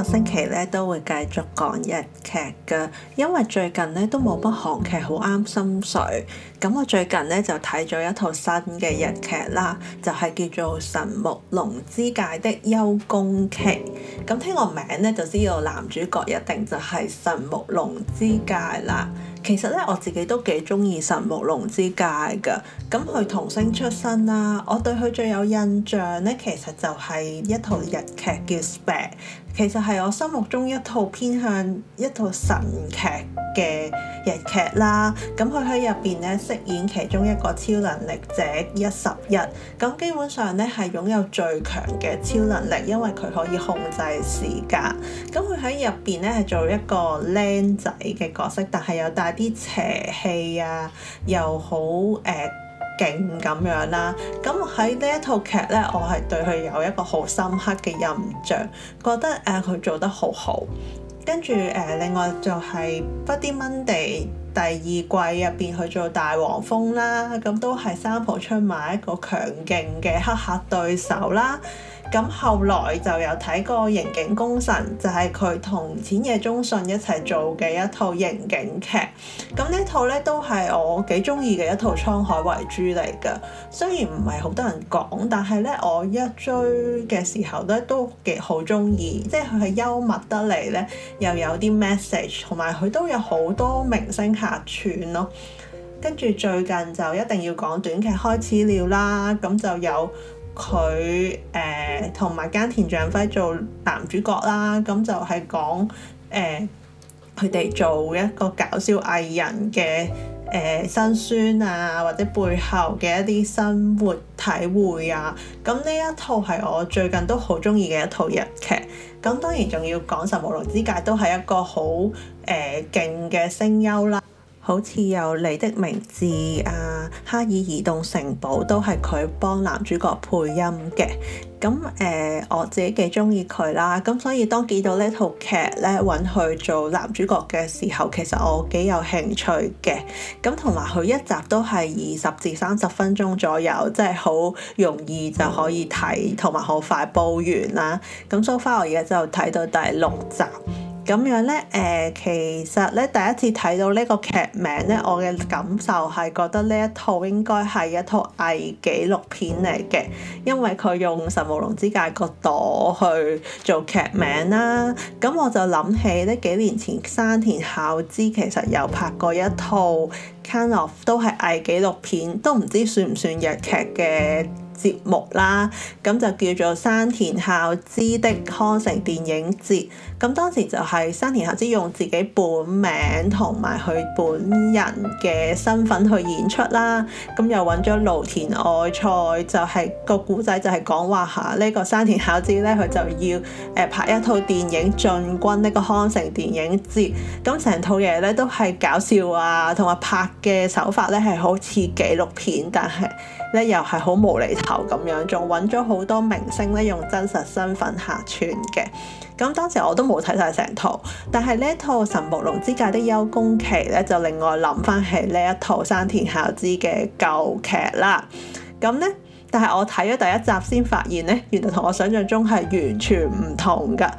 個星期咧都會繼續講日劇噶，因為最近咧都冇乜韓劇好啱心水，咁我最近咧就睇咗一套新嘅日劇啦，就係、是、叫做《神木隆之介的休工期》，咁聽個名咧就知道男主角一定就係神木隆之介啦。其實咧，我自己都幾中意神木隆之介㗎。咁佢童星出身啦，我對佢最有印象咧，其實就係一套日劇叫《SPEC》，其實係我心目中一套偏向一套神劇嘅日劇啦。咁佢喺入邊咧飾演其中一個超能力者一十一，咁基本上咧係擁有最強嘅超能力，因為佢可以控制時間。咁佢喺入邊咧係做一個靚仔嘅角色，但係有帶啲邪氣啊，又好誒勁咁樣啦。咁喺呢一套劇咧，我係對佢有一個好深刻嘅印象，覺得誒佢、呃、做得好好。跟住誒、呃，另外就係、是《Bloody Monday》第二季入邊去做大黃蜂啦，咁都係三浦出埋一個強勁嘅黑客對手啦。咁後來就有睇過《刑警功臣》，就係佢同淺野忠信一齊做嘅一套刑警劇。咁呢套咧都係我幾中意嘅一套《滄海遺珠》嚟噶。雖然唔係好多人講，但係咧我一追嘅時候咧都幾好中意。即係佢係幽默得嚟咧，又有啲 message，同埋佢都有好多明星客串咯。跟住最近就一定要講短劇開始了啦。咁就有。佢誒同埋菅田將暉做男主角啦，咁就係講誒佢哋做一個搞笑藝人嘅誒、呃、辛酸啊，或者背後嘅一啲生活體會啊。咁呢一套係我最近都好鍾意嘅一套日劇，咁當然仲要講神木隆之介都係一個好誒勁嘅聲優啦。好似有《你的名字》啊，《哈爾移動城堡》都係佢幫男主角配音嘅。咁誒、呃，我自己幾中意佢啦。咁所以當見到呢套劇咧揾佢做男主角嘅時候，其實我幾有興趣嘅。咁同埋佢一集都係二十至三十分鐘左右，即係好容易就可以睇，同埋好快煲完啦。咁 so far 我而家就睇到第六集。咁樣咧，誒、呃，其實咧，第一次睇到呢個劇名咧，我嘅感受係覺得呢一套應該係一套偽紀錄片嚟嘅，因為佢用神木隆之介個朵去做劇名啦。咁我就諗起呢幾年前山田孝之其實有拍過一套 Kind of 都係偽紀錄片，都唔知算唔算日劇嘅。節目啦，咁就叫做山田孝之的康城電影節。咁當時就係山田孝之用自己本名同埋佢本人嘅身份去演出啦。咁又揾咗蘆田愛菜，就係、是、個故仔就係講話吓呢個山田孝之咧，佢就要誒拍一套電影進軍呢個康城電影節。咁成套嘢咧都係搞笑啊，同埋拍嘅手法咧係好似紀錄片，但係，咧又係好無厘頭咁樣，仲揾咗好多明星咧用真實身份客串嘅。咁當時我都冇睇晒成套，但係呢套《神木隆之介的休工期》咧就另外諗翻起呢一套山田孝之嘅舊劇啦。咁呢，但係我睇咗第一集先發現呢，原來同我想象中係完全唔同噶。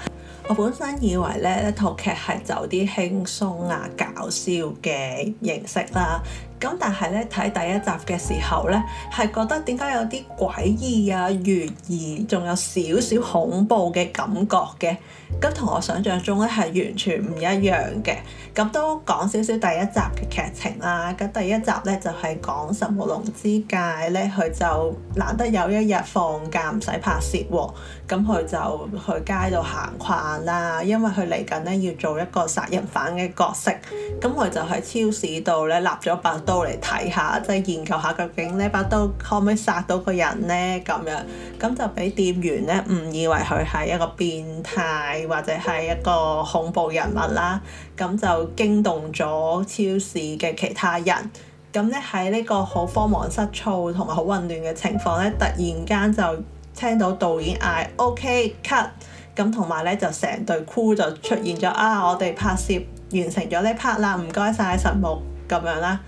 我本身以為呢一套劇係走啲輕鬆啊搞笑嘅形式啦。咁但係咧睇第一集嘅時候咧，係覺得點解有啲詭異啊、懸疑，仲有少少恐怖嘅感覺嘅。咁同我想像中咧係完全唔一樣嘅。咁都講少少第一集嘅劇情啦。咁第一集咧就係、是、講神木隆之介呢》。咧，佢就難得有一日放假唔使拍攝喎。咁佢、啊、就去街度行逛，逛啦，因為佢嚟緊咧要做一個殺人犯嘅角色。咁、啊、佢就喺超市度咧立咗白。到嚟睇下，即係研究下究竟呢把刀可唔可以殺到個人呢？咁樣，樣，咁就俾店員咧誤以為佢係一個變態或者係一個恐怖人物啦。咁就驚動咗超市嘅其他人。咁咧喺呢個好慌忙失措同埋好混亂嘅情況咧，突然間就聽到導演嗌：OK cut。咁同埋咧就成隊 crew 就出現咗啊！我哋拍攝完成咗呢 part 啦，唔該晒神木咁樣啦。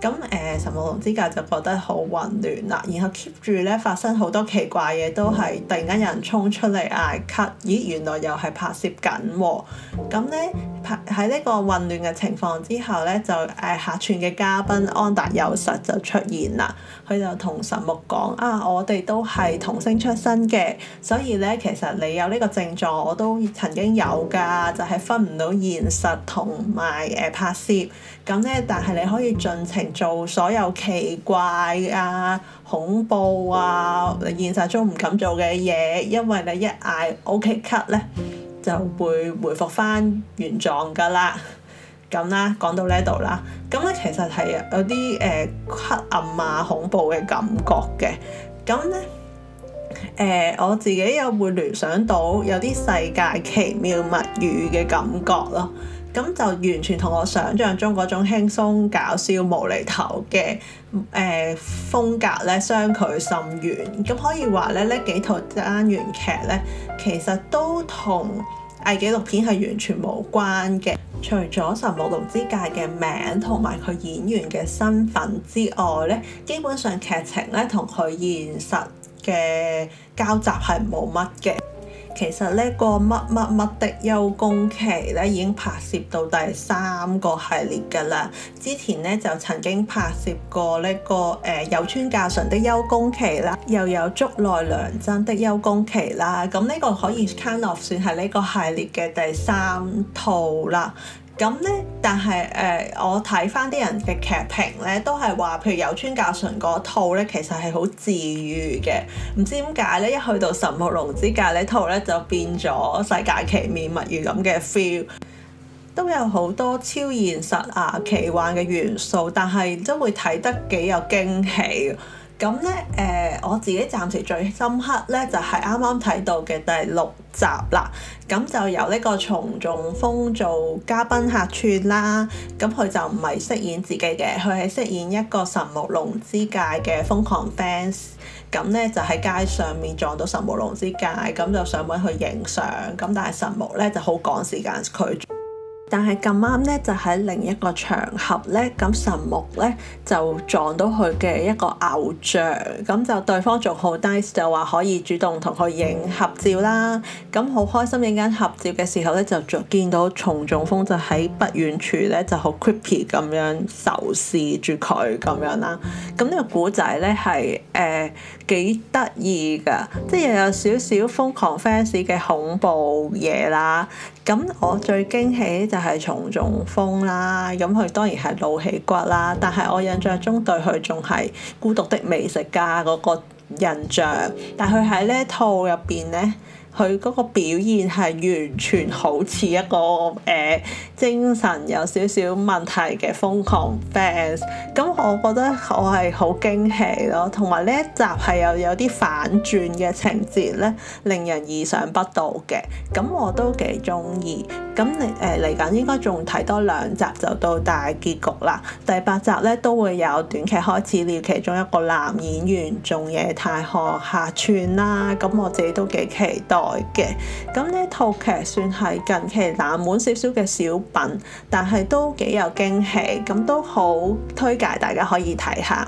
咁誒、呃，神木隆之介就覺得好混亂啦，然後 keep 住咧發生好多奇怪嘢，都係突然間有人衝出嚟嗌 cut 咦，原來又係拍攝緊喎，咁咧。喺呢個混亂嘅情況之後咧，就誒客串嘅嘉賓安達佑實就出現啦。佢就同神木講：啊，我哋都係童星出身嘅，所以咧其實你有呢個症狀，我都曾經有㗎，就係、是、分唔到現實同埋誒拍攝。咁咧，但係你可以盡情做所有奇怪啊、恐怖啊、現實中唔敢做嘅嘢，因為你一嗌 OK cut 咧。就會回復翻原狀噶啦，咁啦，講到呢度啦，咁咧其實係有啲誒、呃、黑暗啊、恐怖嘅感覺嘅，咁咧誒我自己又會聯想到有啲世界奇妙物語嘅感覺咯。咁就完全同我想象中嗰種輕鬆搞笑無厘頭嘅誒、呃、風格咧相距甚遠。咁可以話咧，呢幾套單元劇咧，其實都同偽紀錄片係完全無關嘅。除咗神木隆之介嘅名同埋佢演員嘅身份之外咧，基本上劇情咧同佢現實嘅交集係冇乜嘅。其實呢個乜乜乜的休工期咧，已經拍攝到第三個系列㗎啦。之前咧就曾經拍攝過呢、這個誒有、呃、村架純的休工期啦，又有竹內涼真的休工期啦。咁呢個可以 count 算係呢個系列嘅第三套啦。咁咧，但係誒、呃，我睇翻啲人嘅劇評咧，都係話，譬如《有村架純》嗰套咧，其實係好治愈嘅。唔知點解咧，一去到《神木龍之介》呢套咧，就變咗世界奇妙物語咁嘅 feel，都有好多超現實啊、奇幻嘅元素，但係真會睇得幾有驚喜。咁咧，誒、呃、我自己暫時最深刻咧，就係啱啱睇到嘅第六集啦。咁就由呢個松重豐做嘉賓客串啦。咁佢就唔係飾演自己嘅，佢係飾演一個神木隆之介嘅瘋狂 fans。咁咧就喺街上面撞到神木隆之介，咁就上揾去影相。咁但係神木咧就好趕時間拒但係咁啱咧，就喺另一個場合咧，咁神木咧就撞到佢嘅一個偶像，咁就對方仲好 nice，就話可以主動同佢影合照啦。咁好開心影緊合照嘅時候咧，就見到松重豐就喺不遠處咧，就好 creepy 咁樣仇視住佢咁樣啦。咁呢個古仔咧係誒幾得意噶，即係又有少少瘋狂 fans 嘅恐怖嘢啦。咁我最驚喜就係松重豐啦，咁佢當然係老起骨啦，但係我印象中對佢仲係孤獨的美食家嗰個印象，但佢喺呢套入邊咧。佢嗰個表現係完全好似一個誒、呃、精神有少少問題嘅瘋狂 fans，咁我覺得我係好驚喜咯，同埋呢一集係又有啲反轉嘅情節咧，令人意想不到嘅，咁我都幾中意。咁你誒嚟緊應該仲睇多兩集就到大結局啦，第八集咧都會有短劇開始喇，其中一個男演員仲野太賀客串啦，咁我自己都幾期待。嘅，咁呢套劇算係近期冷門少少嘅小品，但係都幾有驚喜，咁都好推介，大家可以睇下。